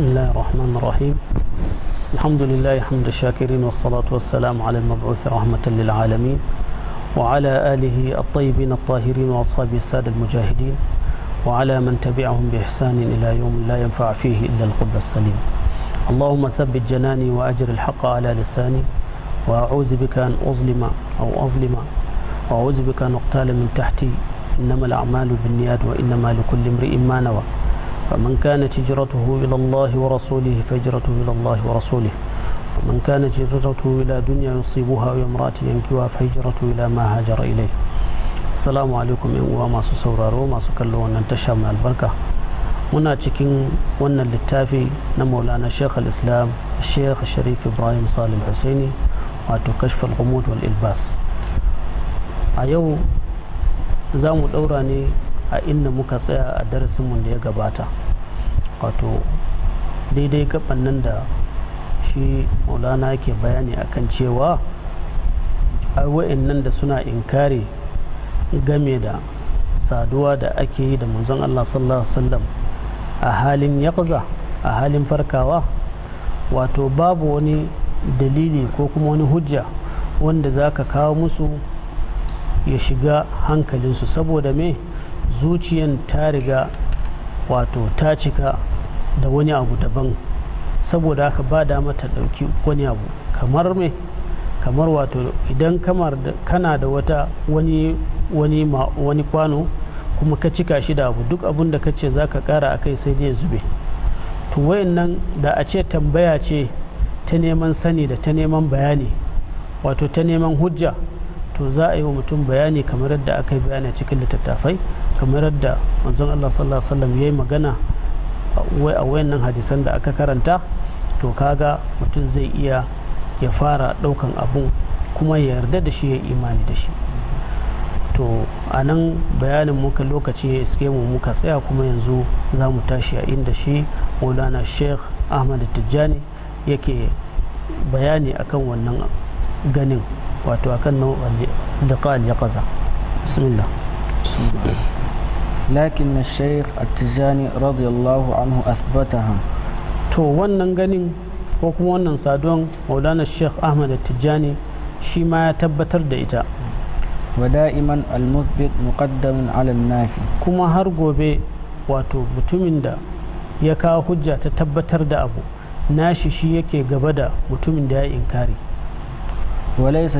بسم الله الرحمن الرحيم الحمد لله حمد الشاكرين والصلاة والسلام على المبعوث رحمة للعالمين وعلى آله الطيبين الطاهرين وأصحابه السادة المجاهدين وعلى من تبعهم بإحسان إلى يوم لا ينفع فيه إلا القلب السليم اللهم ثبت جناني وأجر الحق على لساني وأعوذ بك أن أظلم أو أظلم وأعوذ بك أن أقتال من تحتي إنما الأعمال بالنيات وإنما لكل امرئ ما نوى فمن كانت هجرته إلى الله ورسوله فهجرته إلى الله ورسوله ومن كانت هجرته إلى دنيا يصيبها أو امرأة ينكوها فهجرته إلى ما هاجر إليه السلام عليكم إن وما سسورا روما سكلوا أن من البركة هنا تكين ون للتافي نمولانا شيخ الإسلام الشيخ الشريف إبراهيم صالح الحسيني وتكشف الغموض والإلباس أيو زامو دوراني a inda muka tsaya a darasinmu da ya gabata wato daidai gaban nan da shi maulana ke bayani akan cewa wa'in nan da suna inkari game da saduwa da ake yi da manzon Allah sallallahu alaihi wasallam a halin yaqza a halin farkawa wato babu wani dalili ko kuma wani hujja wanda za ka kawo musu ya shiga hankalinsu saboda me zuciyan ta riga wato ta cika da wani abu daban saboda aka ba da mata ɗauki wani abu kamar me kamar wato idan kana da wata wani wani wani kwano kuma ka cika shi da abu duk abun da ka ce za ka kara a kai sai dai zube to wayannan da a ce tambaya ce ta neman sani da ta neman bayani wato ta neman hujja to za a yi wa mutum bayani kamar yadda aka yi bayani cikin littattafai kamar yadda manzon allah sallallahu alaihi wasallam ya yi magana a wayannan hadisan da aka karanta to kaga mutum zai iya ya fara ɗaukan abun kuma ya yarda da shi ya imani da shi to a nan bayanin muka lokaci ya iske mu muka tsaya kuma yanzu za mu tashi a inda shi maulana sheikh ahmad tijjani yake bayani akan wannan ganin wato akan nau'in da ya kaza bismillah lakin na sheikh attijani radiyallahu anhu athbataha to wannan ganin ko kuma wannan sadon maulana sheikh ahmad attijani shi ma ya tabbatar da ita wada'iman al-muthbit muqaddamin ala nafi kuma har gobe wato mutumin da ya kawo hujja ta tabbatar da abu nashi shi yake gaba da mutumin da ya inkari وليس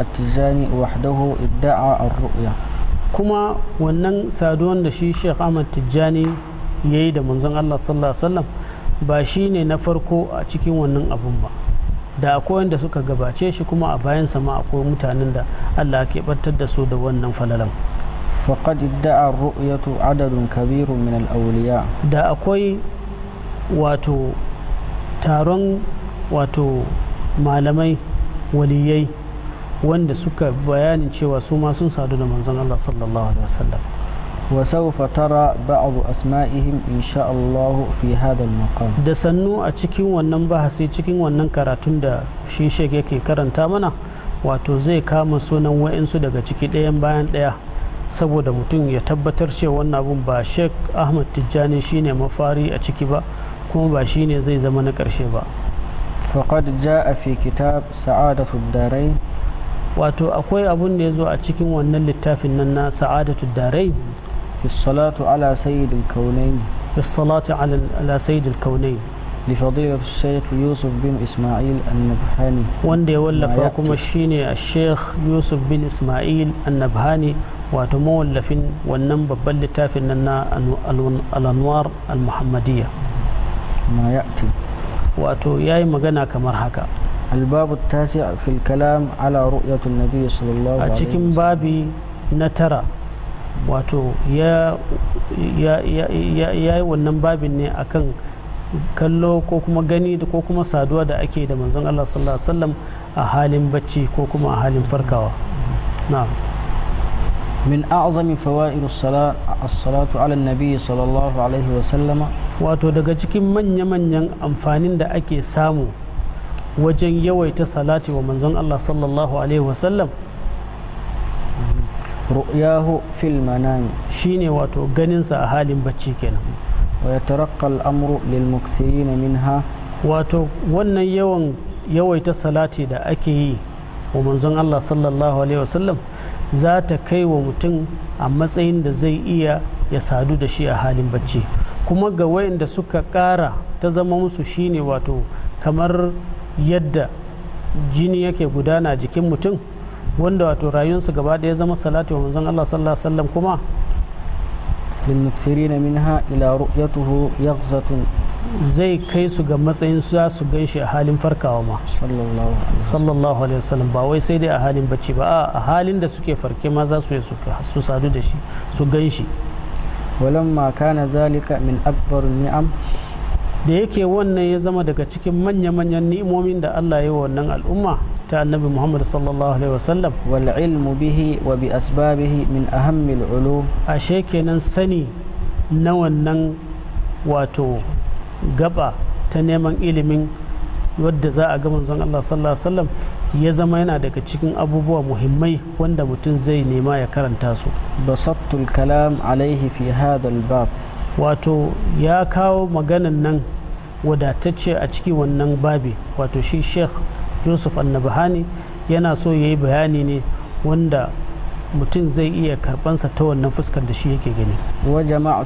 attijani wahdahu idda'a ادعى الرؤيا kuma wannan saduwan da shi sheikh ahmad tijjani ya yi da manzon allah sallallahu alaihi wasallam ba shi ne na farko a cikin wannan abun ba da akwai wanda suka gabace shi kuma a bayan sama akwai mutanen da allah ke ɓartar da su da wannan falalan faƙad idda'a ru'yatu adadun kabiru min al'auliya da akwai wato taron wato malamai waliyai wanda suka bayanin cewa su ma sun sadu da manzon Allah sallallahu alaihi wasallam sawfa tara ba'd asma'ihim insha Allah fi hada al-maqam da sannu a cikin wannan bahasi cikin wannan karatun da shi shek yake karanta mana wato zai kama sunan wa'insu daga ciki ɗayan bayan ɗaya saboda mutum ya tabbatar cewa wannan abun ba Sheikh ahmad tijjani shine mafari a ciki ba kuma ba shine zai zama na ƙarshe ba faqad jaa fi kitab sa'adatu darain wato akwai abun da ya zo a cikin wannan littafin nan na sa'adatu darai salatu ala sayyidil kaunain salatu ala sayyidil kaunain لفضيلة الشيخ يوسف بن إسماعيل النبهاني وندي يولف كما الشيني الشيخ يوسف بن إسماعيل النبهاني وتمولف والنم ببل تافننا الأنوار المحمدية ما يأتي واتو ياي مغنى كمرهكا الباب التاسع في الكلام على رؤية النبي صلى الله عليه وسلم أتكم بابي wato ya yi wannan babin ne akan kallo ko kuma gani da ko kuma saduwa da ake da manzon Allah sallallahu alaihi wasallam a halin bacci ko kuma a halin farkawa na'am min a'zami fawaid as-salatu ala nabi sallallahu alaihi wasallam wato daga cikin manya-manyan amfanin da ake samu wajen yawaita salati wa manzon Allah sallallahu alaihi wasallam ru'yahu fil manami shine wato ganinsa a halin bacci kenan wa yatarakka al'amru lil mukthirina minha wato wannan yawan yawaita salati da ake yi wa manzon Allah sallallahu alaihi wasallam za ta kai wa mutum a matsayin da zai iya ya sadu da shi a halin bacci kuma ga wayanda suka kara ta zama musu shine wato kamar yadda jini yake gudana jikin mutum wanda wato rayuwarsa gaba ɗaya zama salatu wa manzon Allah sallallahu alaihi wasallam kuma للمكثرين منها إلى رؤيته يغزة zai kai su ga matsayin su su ganshi a halin farkawa ma sallallahu alaihi wasallam ba wai sai dai a halin bacci ba a a halin da suke farke ma za su yi su sadu da shi su ganshi. shi walamma kana zalika min akbar ni'am da yake wannan ya zama daga cikin manya-manyan ni'imomin da Allah ya wannan al'umma ta annabi Muhammad sallallahu alaihi wasallam wal ilmu bihi wa bi asbabihi min ahammil ulum ashe kenan sani na wannan wato gaba ta neman ilimin wadda za a ga manzon Allah sallallahu alaihi wasallam ya zama yana daga cikin abubuwa muhimmai wanda mutum zai nema ya karanta su basattul kalam alaihi fi hadha bab wato ya kawo maganan nan wadatacce a ciki wannan babi wato shi sheikh yusuf annabahani yana so ya yi bayani ne wanda mutum zai iya karbansa ta wannan fuskar da shi yake gani wa jama'a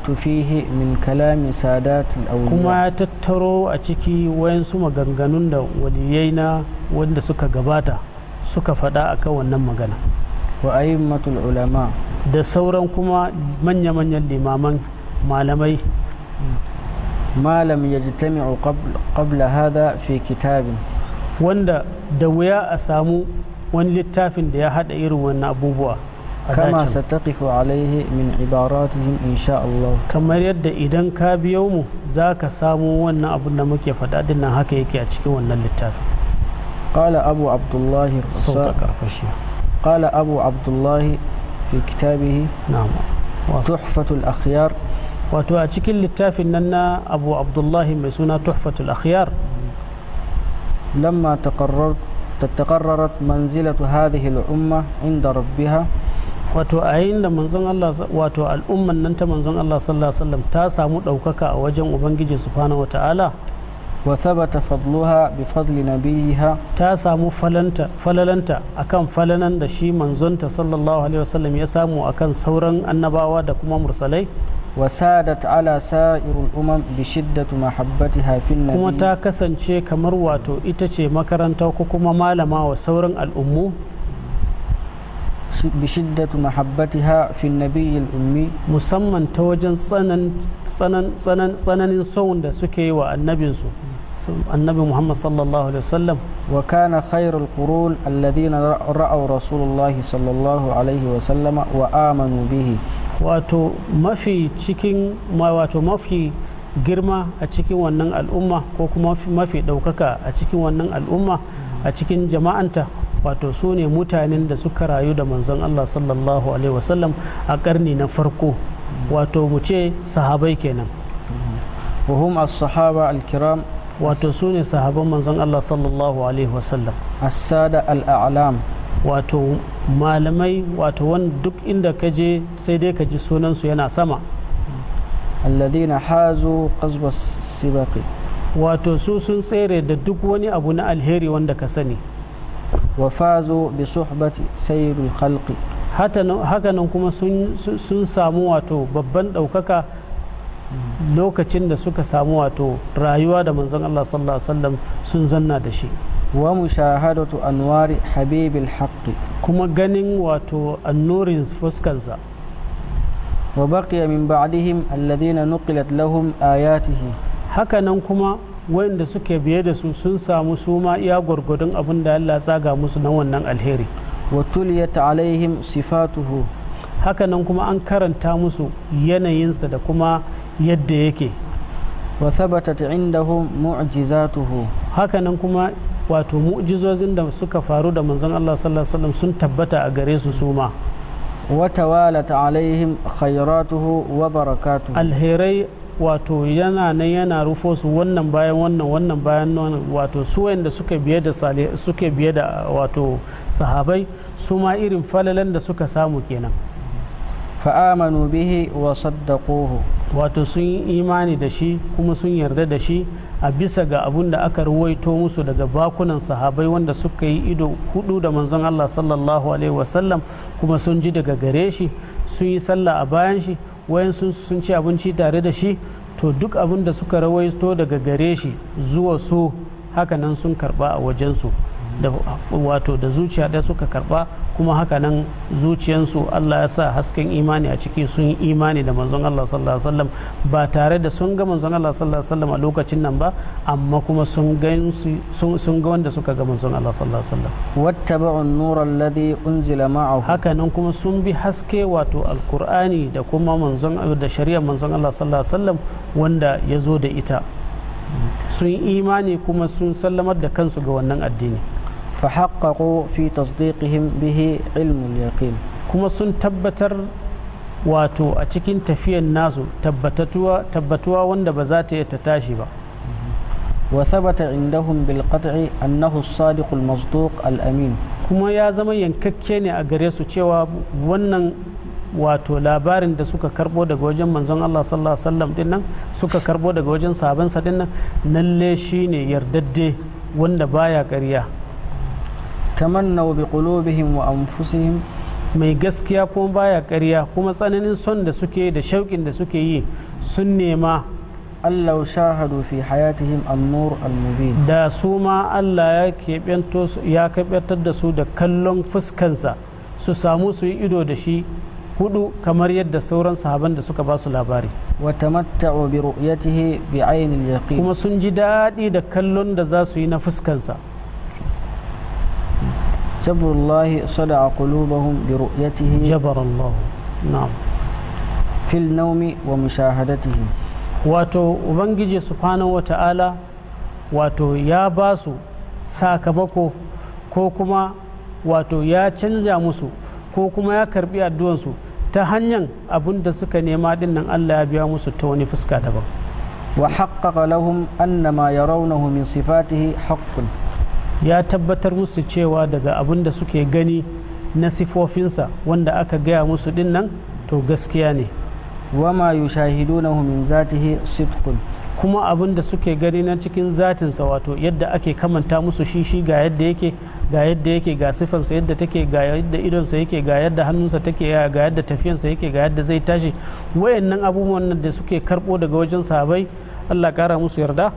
min kalami sadatul kuma ya tattaro a ciki wayansu maganganun da waliyai na wanda suka gabata suka fada a kan wannan magana wa aimmatul ulama da sauran kuma manya-manyan limaman malamai mm. ma lam yajtami'u qabla hada fi kitabin wanda da wuya a samu wani littafin da ya hada irin wannan abubuwa kama sataqifu alaihi min ibaratihim insha Allah kamar yadda idan ka biyo mu zaka samu wannan abun da muke faɗa dinnan haka yake a cikin wannan littafin qala abu abdullahi قال أبو عبد الله في كتابه نعم وصحفة wato a cikin littafin nan na abu abdullahi mai suna tuhfatul akhyar lamma تقررت منزلة هذه الأمة عند ربها wato a yayin da manzon Allah wato al'umman nan ta manzon Allah sallallahu alaihi wasallam ta samu ɗaukaka a wajen ubangiji subhanahu wata'ala wa thabata fadluha bi fadli nabiha ta samu falanta falalanta akan falanan da shi manzonta sallallahu alaihi wasallam ya samu akan sauran annabawa da kuma mursalai وسادت على سائر الأمم بشدة محبتها في النبي كما تاكسن شيء كمر واتو إتشي مكرن توكوكما مالما وسورا الأمو بشدة محبتها في النبي الأمي مسمى توجن صنن صنن صنن صنن صون دا سكي والنبي سو النبي محمد صلى الله عليه وسلم وكان خير القرون الذين رأوا رسول الله صلى الله عليه وسلم وآمنوا به wato mafi cikin wato mafi girma a cikin wannan al'umma ko kuma mafi ɗaukaka a cikin wannan al'umma a cikin jama'anta wato su ne mutanen da suka rayu da manzon Allah sallallahu alaihi wasallam a ƙarni na farko wato mu ce sahabai kenan wahum as-sahaba al-kiram wato su ne sahaban manzon Allah sallallahu alaihi wasallam as-sada al-a'lam wato malamai wato wani duk inda ka je sai dai ka ji sunansu yana sama alladina hazo qasbas sibaqi wato su sun tsere da duk wani abu na alheri wanda ka sani wa fazo bi suhbati sayrul khalqi hakanan kuma sun samu wato babban ɗaukaka lokacin da suka samu wato rayuwa da manzon Allah sallallahu alaihi wasallam sun zanna da shi wa mushahadatu anwari habibil haqqi kuma ganin wato annurin fuskansa wa baqiya min ba'dihim alladhina nuqilat lahum ayatihi haka nan kuma wanda suke biye da su sun samu su ma iya gwargwadon abin da Allah tsaga musu na wannan alheri wa tuliyat alaihim sifatuhu haka nan kuma an karanta musu yanayinsa da kuma yadda yake wa thabatat indahum mu'jizatuhu haka nan kuma wato mu'jizozin da suka faru da manzon Allah sallallahu alaihi sun tabbata a gare su suma tawalat alaihim khayratuhu wa barakatuhu alherai wato yana nan yana rufo su wannan bayan wannan wannan bayan wannan wato su wanda suka biye da suke biye da wato sahabai su ma irin falalan da suka samu kenan fa'amanu bihi wa saddaquhu wato sun yi imani da shi kuma sun yarda da shi a bisa ga abun da aka ruwaito musu daga bakunan sahabai wanda suka yi ido hudu da manzon Allah sallallahu alaihi wasallam kuma sun ji daga gare shi sun yi sallah a bayan shi wayan sun ci abinci tare da shi to duk abin da suka rawaito daga gare shi zuwa so hakanan sun karba a wajensu da wato da zuciya ɗaya suka karba kuma hakanan zuciyansu Allah ya sa hasken imani a ciki sun yi imani da manzon Allah sallallahu alaihi wasallam ba tare da sun ga manzon Allah sallallahu alaihi wasallam a lokacin nan ba amma kuma sun ga sun ga wanda suka ga manzon Allah sallallahu alaihi wasallam wattaba'un nura alladhi unzila ma'ahu hakanan kuma sun bi haske wato alqur'ani da kuma manzon da shari'ar manzon Allah sallallahu alaihi wasallam wanda ya zo da ita sun imani kuma sun sallamar da kansu ga wannan addini فحققوا في تصديقهم به علم اليقين كما سن تبتر واتو أتكين تفي الناس تبتتوا تبتوا وند بذات يتتاشبا وثبت عندهم بالقطع أنه الصادق المصدوق الأمين كما يا زمان ينككيني أغريسو تشوا ونن wato labarin da suka karbo daga wajen manzon Allah sallallahu alaihi wasallam din nan suka karbo daga wajen sahabansa din nan lalle shine yardadde wanda baya ƙarya tamannau bi qulubihim wa anfusihim mai gaskiya kuma baya ƙarya kuma tsananin son da suke da shauƙin da suke yi sun nema Allah shahadu fi hayatihim an-nur al-mubin da su ma Allah ya keɓanto ya da su da kallon fuskansa su samu su yi ido da shi hudu kamar yadda sauran sahaban da suka ba su labari wa tamatta'u bi ru'yatihi bi 'ainil yaqin kuma sun ji daɗi da kallon da za su yi na fuskansa جبر الله صدع قلوبهم برؤيته جبر الله نعم في النوم ومشاهدته wato ubangiji subhanahu wata'ala wato ya ba su sakamako ko kuma wato ya canja musu ko kuma ya karbi addu'ansu ta hanyan abunda suka nema din nan Allah ya biya musu ta wani fuska daban wa haqqaqa lahum annama yarawnahu min sifatihi haqqun ya tabbatar musu cewa daga abin da suke gani na sifofinsa wanda aka gaya musu din nan to gaskiya ne wama yushahidunahu min zatihi sitkun. kuma abin da suke gani na cikin zatinsa wato yadda ake kamanta musu shi shi ga yadda yake ga yadda yake ga sifansa yadda take ga yadda idonsa yake ga yadda hannunsa take ga yadda tafiyansa yake ga yadda zai tashi wayannan abubuwan da suke karbo daga wajen sahabai Allah kara musu yarda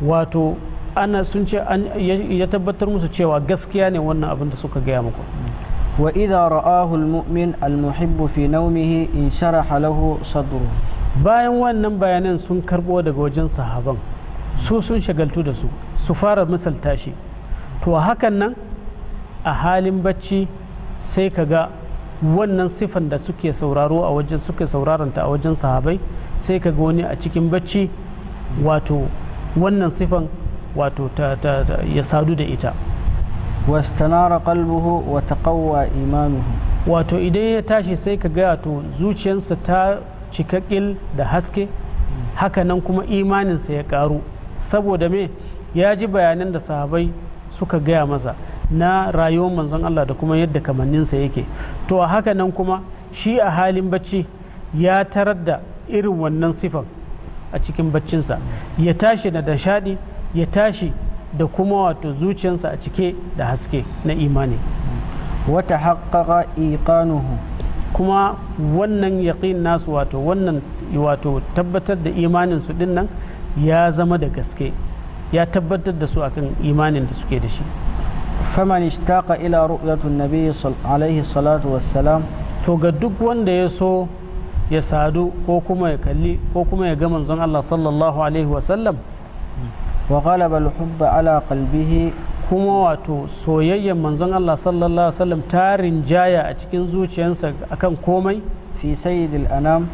wato ana sun ce ya tabbatar musu cewa gaskiya ne wannan abin da suka gaya muku wa idha ra'ahu almu'min almuhibbu fi nawmihi in sharaha lahu sadru bayan wannan bayanan sun karbo daga wajen sahaban su sun shagaltu da su su fara misalta shi to hakan nan a halin bacci sai ka ga wannan sifan da suke sauraro a wajen suke sauraranta a wajen sahabai sai ka ga wani a cikin bacci wato wannan sifan wato ya sadu da ita wastanara qalbuhu wa taqawwa imanuhu wato idan ya tashi sai ka gaya to zuciyarsa ta cika kil da haske haka nan kuma imaninsa ya ƙaru saboda me ya ji bayanan da sahabai suka gaya masa na rayuwar manzon Allah da kuma yadda kamanninsa yake to a haka nan kuma shi a halin bacci ya tarar da irin wannan sifan a cikin baccinsa ya tashi na da shaɗi ya tashi da kuma wato zuciyarsa a cike da haske na imani wata haƙaƙa iqanuhu kuma wannan yaƙin nasu wato wannan wato tabbatar da imanin su dinnan ya zama da gaske ya tabbatar da su akan imanin da suke da shi faman ishtaqa ila ru'yatun nabi alaihi salatu wassalam to ga duk wanda ya so ya sadu ko kuma ya kalli ko kuma ya ga manzon Allah sallallahu alaihi wasallam wa ghalaba al ala qalbihi kuma wato soyayyen manzon Allah sallallahu alaihi wasallam ta rinjaya a cikin zuciyarsa akan komai fi sayyidil anam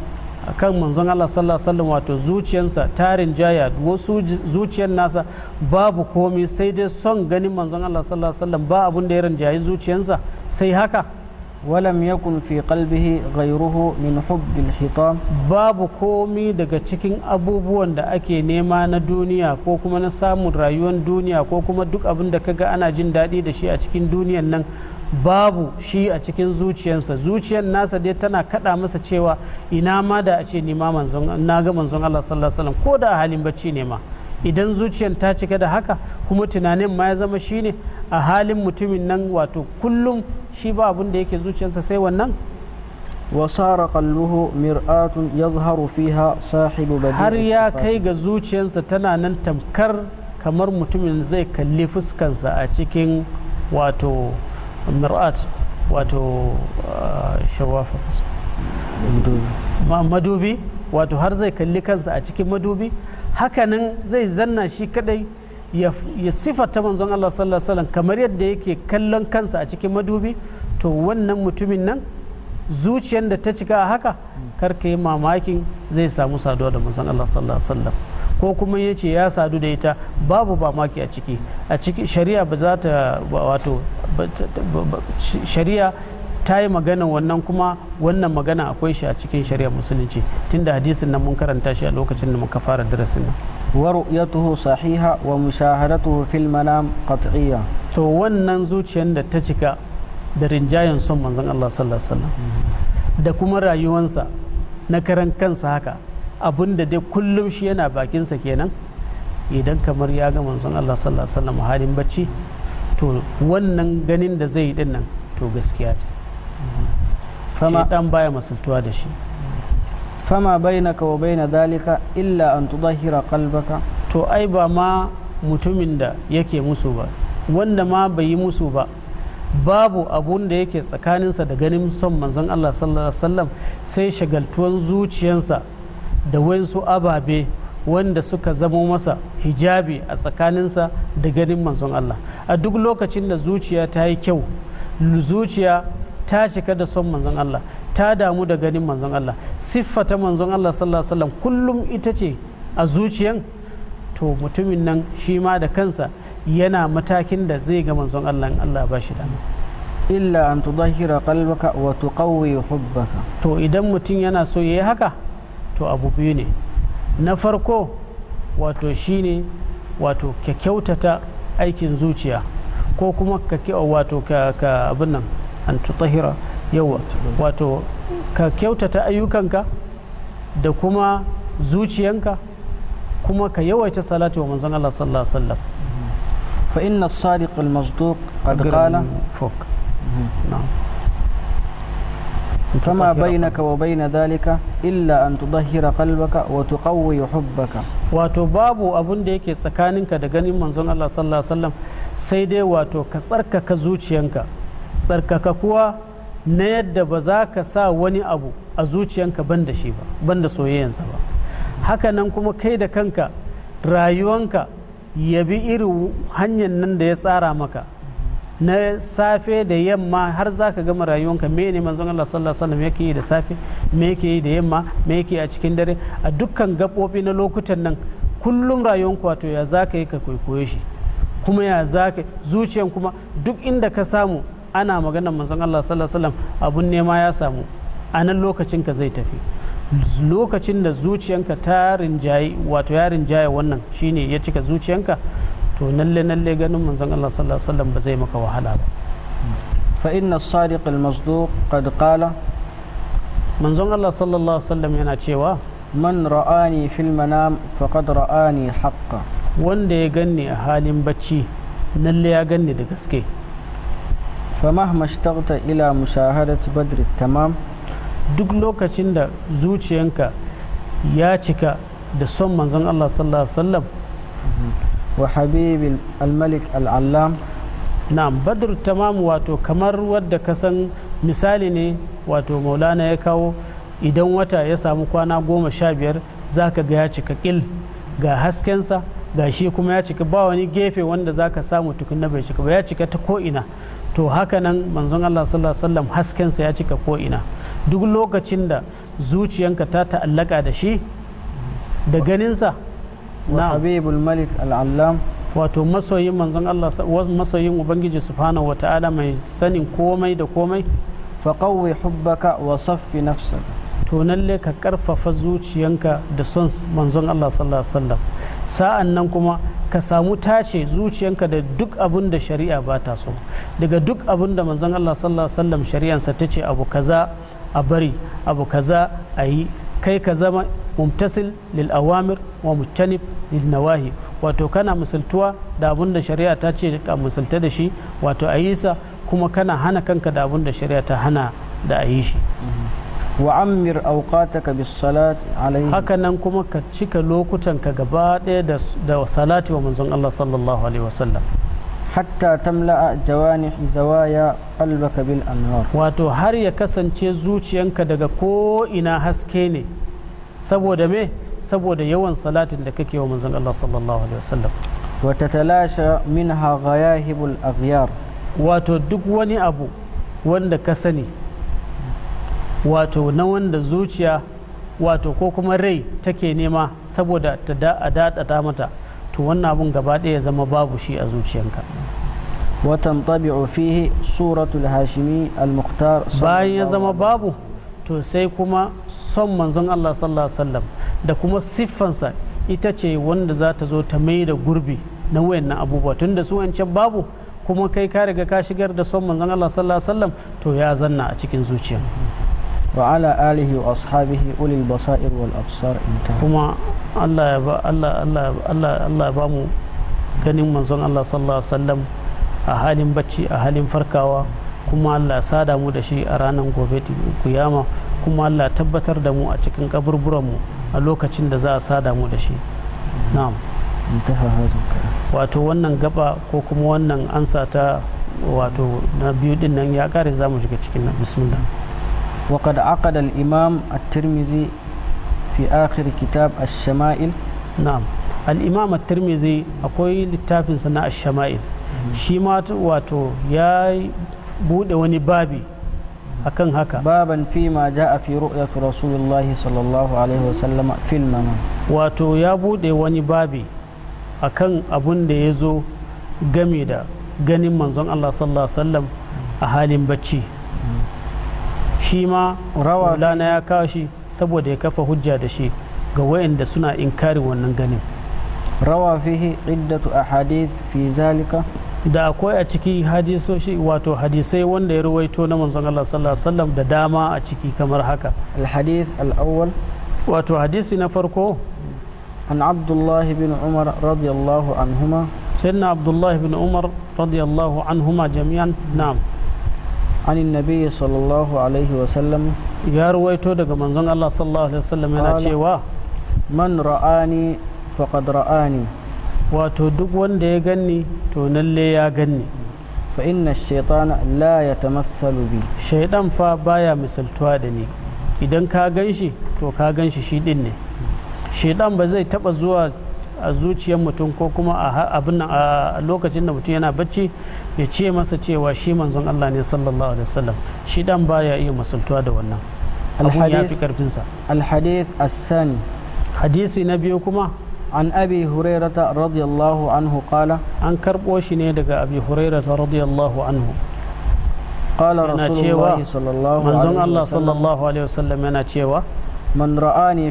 akan manzon Allah sallallahu alaihi wasallam wato zuciyarsa ta rinjaya wasu zuciyar nasa babu komai sai dai son ganin manzon Allah sallallahu alaihi wasallam ba abun da ya rinjayi zuciyarsa sai haka walam yakun fi قلبه غيره min حب الحطام babu komi daga cikin abubuwan da ake nema na duniya ko kuma na samun rayuwar duniya ko kuma duk abin da kaga ana jin daɗi da shi a cikin duniyan nan babu shi a cikin zuciyarsa zuciyar nasa dai tana kada masa cewa ina ma da a ce ni ma manzon na ga manzon Allah sallallahu alaihi wasallam ko da halin bacci ne ma idan zuciyar ta cika da haka kuma tunanin ma ya zama shine a halin mutumin nan wato kullum shi ba abin da yake zuciyarsa sai wannan wasara kalluhu mir'atun yazharu fiha sahibu har ya kai ga zuciyarsa tana nan tamkar kamar mutumin zai kalli fuskansa a cikin wato mir'at wato ah, shawafa madubi wato har zai kalli kansa a cikin madubi hakanan zai zanna shi kadai ya sifata manzon Allah sallallahu alaihi wasallam kamar yadda yake kallon kansa a cikin madubi to wannan mutumin nan zuciyar da ta cika haka kar ka yi mamakin zai samu saduwa da manzon Allah sallallahu alaihi wasallam ko kuma yace ya sadu da ita babu mamaki a ciki a ciki shari'a ba za ta wato shari'a ta yi magana wannan kuma wannan magana akwai shi a cikin shari'a musulunci tunda hadisin nan mun karanta shi a lokacin da muka fara darasin nan wa ru'yatuhu sahiha wa mushahadatuhu fil manam qat'iyya to wannan zuciyar da ta cika da rinjayen son manzon Allah sallallahu alaihi wasallam da kuma rayuwansa na karan kansa haka abun da dai kullum shi yana bakinsa kenan idan kamar ya ga manzon Allah sallallahu alaihi wasallam halin bacci to wannan ganin da zai yi dinnan to gaskiya ce fama dan baya masaltuwa da shi fama ka wa baina dalika illa an tudahira qalbaka to ai ba ma mutumin da yake musu ba wanda ma bai yi musu ba babu abun da yake tsakaninsa da ganin son manzon Allah sallallahu alaihi wasallam sai shagaltuwan zuciyarsa da wasu ababe wanda suka zamo masa hijabi a tsakaninsa da ganin manzon Allah a duk lokacin da zuciya ta yi kyau zuciya ta shiga da son manzon Allah ta damu da ganin manzon Allah siffa ta manzon Allah sallallahu alaihi wasallam kullum ita ce a zuciyan to mutumin nan shi ma da kansa yana matakin da zai ga manzon Allah in Allah ba shi dama illa an tudahira qalbaka wa tuqawwi hubbaka to idan mutum yana so yayi haka to abu biyu ne na farko wato shine wato ka kyautata aikin zuciya ko kuma ka wato ka abin nan أن تطهر يوت واتو ككيوت تأيوكنك دكما زوجينك كما كيوت صلاة ومنزل الله صلى الله عليه وسلم فإن الصادق المصدوق قد قال فوق نعم فما بينك وبين ذلك إلا أن تطهر قلبك وتقوي حبك واتو بابو أبن ديك سكانك دغني منزل الله صلى الله عليه وسلم سيدي واتو كسرك كزوجينك Tsarkaka kuwa na yadda ba za ka sa wani abu a zuciyanka ban da shi ba ban da soyayyansa ba hakanan kuma kai da kanka rayuwanka ya bi irin hanyar nan da ya tsara maka na safe da yamma har za ka gama rayuwanka me ne manzon Allah sallallahu alaihi wasallam yake yi da safe me yake yi da yamma me yake yi a cikin dare a dukkan gabobi na lokutan nan kullum rayuwanka wato ya za ka yi ka kwaikwayo shi kuma ya za ka zuciyan kuma duk inda ka samu ana maganar manzon Allah sallallahu alaihi wasallam abun nema ya samu a nan lokacin ka zai tafi lokacin da zuciyanka ta rinjaye wato ya rinjaye wannan shine ya cika zuciyanka to nalle nalle ganin manzon Allah sallallahu alaihi wasallam ba zai maka wahala ba fa inna as-sadiq al-masduq qad qala manzon Allah sallallahu alaihi wasallam yana cewa man ra'ani fil manam faqad ra'ani haqqan wanda ya ganni a halin bacci lalle ya ganni da gaske فمهما اشتغت ila مشاهدة بدر duk lokacin da zuciyanka ya cika da son manzon Allah sallallahu alaihi wasallam wa habibi al-malik al-allam na'am badr tamam wato kamar wadda ka san misali ne wato maulana ya kawo idan wata ya samu kwana goma sha biyar za ga ya cika kil ga haskensa da shi kuma ya cika ba wani gefe wanda za ka samu tukuna bai cika ba ya cika ta ko'ina to hakanan manzon Allah sallallahu alaihi wasallam haskensa ya cika ko'ina duk lokacin da zuciyanka ta ta'allaka da shi da ganinsa na habibul malik al'allam wato masoyin manzon Allah masoyin ubangiji subhanahu wataala mai sanin komai da komai qawwi hubbaka wa saffi nafsaka to lalle ka karfafa zuciyanka da son manzon Allah sallallahu alaihi wasallam sa'an nan kuma ka samu tace zuciyanka da duk abin da shari'a ba ta so daga duk abin da manzon Allah sallallahu alaihi wasallam shari'ansa ta ce abu kaza a bari abu kaza a yi kai ka zama mumtasil lil awamir wa mutanib lil nawahi wato kana musultuwa da abin da shari'a ta ce ka musulta da shi wato a yi sa kuma kana hana kanka da abin da shari'a ta hana da a yi shi mm-hmm. wa'ammir auqataka bis salati alaihi haka nan kuma ka cika lokutanka gaba ɗaya da salati wa manzon Allah sallallahu alaihi wasallam hatta tamla'a jawani zawaya qalbaka bil anwar wato har ya kasance zuciyanka daga ko ina haske ne saboda me saboda yawan salatin da kake wa manzon Allah sallallahu alaihi wasallam wa tatalasha minha ghayahibul aghyar wato duk wani abu wanda ka sani wato na wanda zuciya wato ko kuma rai take nema saboda ta a daɗaɗa mata to wannan abun gaba ɗaya ya zama babu shi a zuciyanka watan tabi'u fihi suratul hashimi al-muqtar bayan ya zama babu to sai kuma son manzon Allah sallallahu alaihi wasallam da kuma siffansa ita ce wanda za ta zo ta mai da gurbi na wayannan abubuwa tun da su wancan babu kuma kai ka riga ka shigar da son manzon Allah sallallahu alaihi wasallam to ya zanna a cikin zuciya wa ala alihi wa ashabihi ulil basair wal absar inta kuma Allah ya ba Allah Allah Allah Allah ba mu ganin manzon Allah sallallahu alaihi wasallam a halin bacci a halin farkawa kuma Allah ya sada mu da shi a ranan gobe kuyama kuma Allah tabbatar da mu a cikin kaburburan mu a lokacin da za a sada mu da shi na'am wato wannan gaba ko kuma wannan ansa ta wato na biyu dinnan ya kare zamu shiga cikin bismillah وقد عقد الإمام الترمذي في آخر كتاب الشمائل نعم الإمام الترمذي أقول للتافن سنة الشمائل شيما واتو يا بود وني بابي akan haka baban fi ma ja'a fi ru'yati rasulillahi sallallahu alaihi wasallama fil manam wato ya bude wani babi akan abun da ya zo game da ganin manzon Allah sallallahu alaihi wasallam a halin bacci shi ma rawa lana ya kawo shi saboda ya kafa hujja da shi ga wayanda suna inkarin wannan ganin rawa fihi iddatu ahadith fi zalika da akwai a ciki hadisoshi wato hadisai wanda ya ruwaito na manzon Allah sallallahu alaihi wasallam da dama a ciki kamar haka al-hadith al-awwal wato hadisi na farko an abdullahi bin umar radiyallahu anhuma sayyidina abdullahi bin umar radiyallahu anhuma jami'an na'am عن النبي صلى الله عليه وسلم يا رويتو دغ منزون الله صلى الله عليه وسلم yana cewa man ra'ani faqad ra'ani wato duk wanda ya ganni to lalle ya ganni fa inna shaytana la yatamathalu bi shaydan fa baya misaltuwa da ni idan ka gan shi to ka ganshi shi din ne shaydan ba zai taɓa zuwa a zuciyar mutum ko kuma a lokacin da mutum yana bacci ya ce masa cewa shi manzon Allah ne sallallahu alaihi wasallam shi dan baya iya musultuwa da wannan abun ya fi karfinsa alhadith as hadisi na biyu kuma an abi hurairata radiyallahu anhu qala an karbo ne daga abi hurairata radiyallahu anhu qala rasulullahi sallallahu sallallahu alaihi yana cewa man ra'ani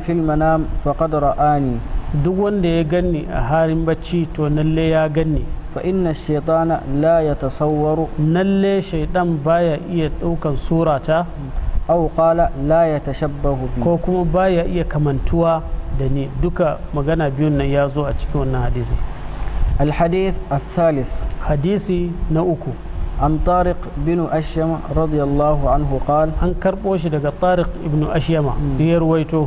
duk wanda ya ganni a harin bacci to nallai ya ganni fa inna shaitana la ya tasawwaru Nallai shaidan baya iya ɗaukan surata aw qala la ya tashabbahu bi ko kuma baya iya kamantuwa da ni duka magana biyun nan ya zo a cikin wannan hadisi الحديث Hadisi na uku. An طارق binu أشيم رضي anhu عنه An عن كربوش دقى طارق بن أشيم يرويته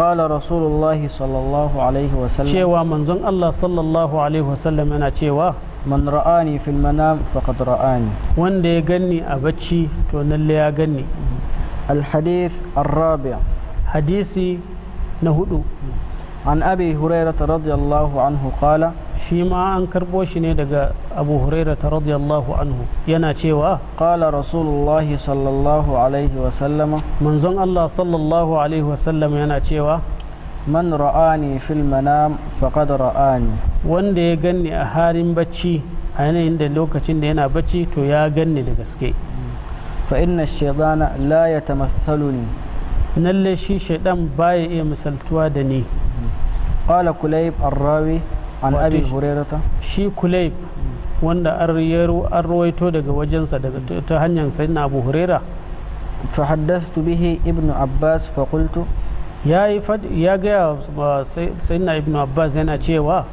qala rasulullahi sallallahu alaihi wasallam cewa manzon Allah sallallahu alaihi wasallam yana cewa man ra'ani fil manam faqad ra'ani wanda ya ganni a bacci to lalle ya ganni al hadith ar-rabi' hadisi na hudu an abi hurairah radiyallahu anhu qala shi ma an karbo shi ne daga abu huraira ta radiyallahu anhu yana cewa qala rasulullahi sallallahu alaihi wasallama manzon allah sallallahu alaihi wasallam yana cewa man ra'ani fil manam faqad ra'ani wanda ya ganni a harin bacci a yanayin da lokacin da yana bacci to ya ganni da gaske fa inna shaytana la yatamathaluni lalle shi shaydan baya iya misaltuwa da ni qala kulayb arrawi an abi hurairata shi kulayb wanda an ruwaito daga wajensa daga ta hanyar sayyidina abu huraira fa haddathtu bihi ibnu abbas fa qultu ya ya ga sayyidina ibnu abbas yana cewa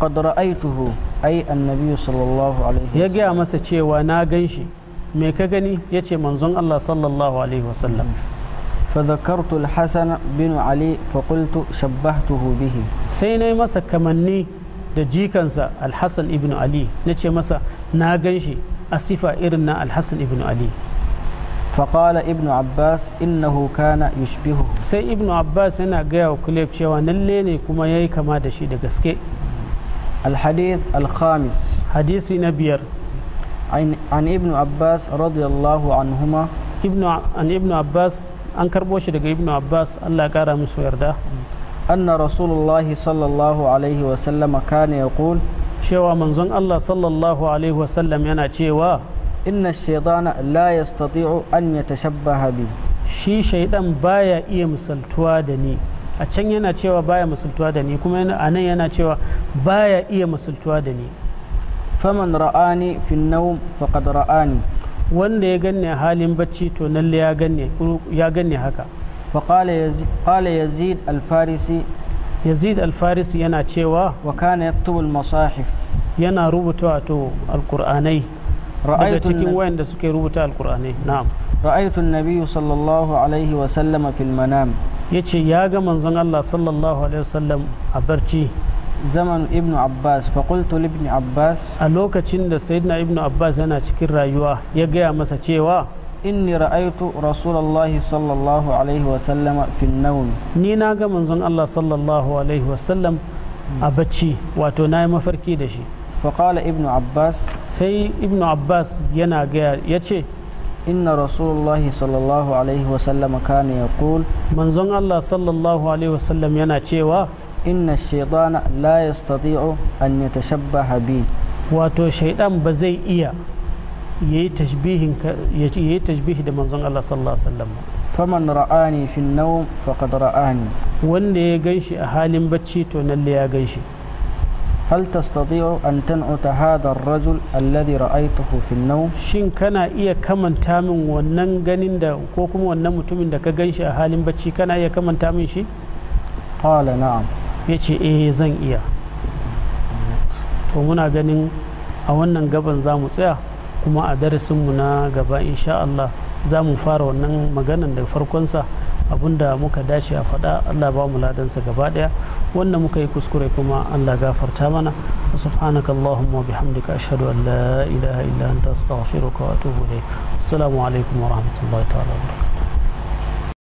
qad ra'aytuhu ai annabi sallallahu alaihi ya gaya masa cewa na ganshi me ka gani yace manzon Allah sallallahu alaihi wasallam فذكرت الحسن بن علي فقلت شبهته به سيني masa كمني da jikansa alhassan ibn ali na ce masa na gan shi a sifa irin na alhassan ibn ali faƙala ibn abbas innahu kana yushbihu sai ibn abbas yana gaya wa kuleb cewa lalle ne kuma ya yi kama da shi da gaske الحديث الخامس حديث نبير عن, عن ابن عباس رضي الله عنهما ابن عن ابن عباس an karbo shi daga ibn abbas allah kara musu yarda أن رسول الله صلى الله عليه وسلم كان يقول شوى منزون الله صلى الله عليه وسلم ينا شوى إن الشيطان لا يستطيع أن يتشبه بي shi shaidan baya iya misaltuwa da ni a can yana cewa baya misaltuwa da ni kuma a nan yana cewa baya iya misaltuwa da ni faman ra'ani fi naum faqad ra'ani wanda ya ganne halin bacci to lalle ya ganne ya ganne haka فقال يزيد, قال يزيد الفارسي يزيد الفارسي yana cewa wa kana yaktubu al-masahif yana rubuta wato alqur'anai daga cikin wayanda suke rubuta alqur'anai na'am ra'aytu an sallallahu alaihi wa sallam fil manam yace ya ga manzon Allah sallallahu alaihi wa sallam a barci zaman ibn abbas fa qultu li ibn abbas a lokacin da sayyidina ibn abbas yana cikin rayuwa ya gaya masa cewa inni ra'aitu rasulullahi sallallahu alaihi wasallama fi nawm ni na ga manzon Allah sallallahu alaihi wasallam a bacci wato na mafarki da shi faƙala ibn abbas sai ibn abbas yana gaya yace. inna rasulullahi sallallahu alaihi wasallam kana ya kul manzon Allah sallallahu alaihi wasallam yana cewa inna shaitana la yastati'u an yatashabbaha bi wato shaidan ba zai iya ya yi tashbihi da manzon Allah sallallahu Alaihi wasallam faman ra'ani fi faqad ra'ani wanda ya ganshi a halin bacci to nalle ya ganshi. shi hal tastati'u an tan'uta hadha ar-rajul alladhi ra'aytuhu fi naum shin kana iya kamanta min wannan ganin da ko kuma wannan mutumin da ka ganshi a halin bacci kana iya kamanta min shi qala na'am yace eh zan iya to muna ganin a wannan gaban za mu tsaya kuma a darasinmu na gaba insha Allah za mu fara wannan maganan da farkonsa abinda muka dace a faɗa Allah ba mu ladansa gaba ɗaya wanda muka yi kuskure kuma Allah gafarta mana wa subhanaka Allahumma bihamdika ashhadu an la ilaha illa anta astaghfiruka wa atubu ilayk assalamu alaikum wa rahmatullahi ta'ala wa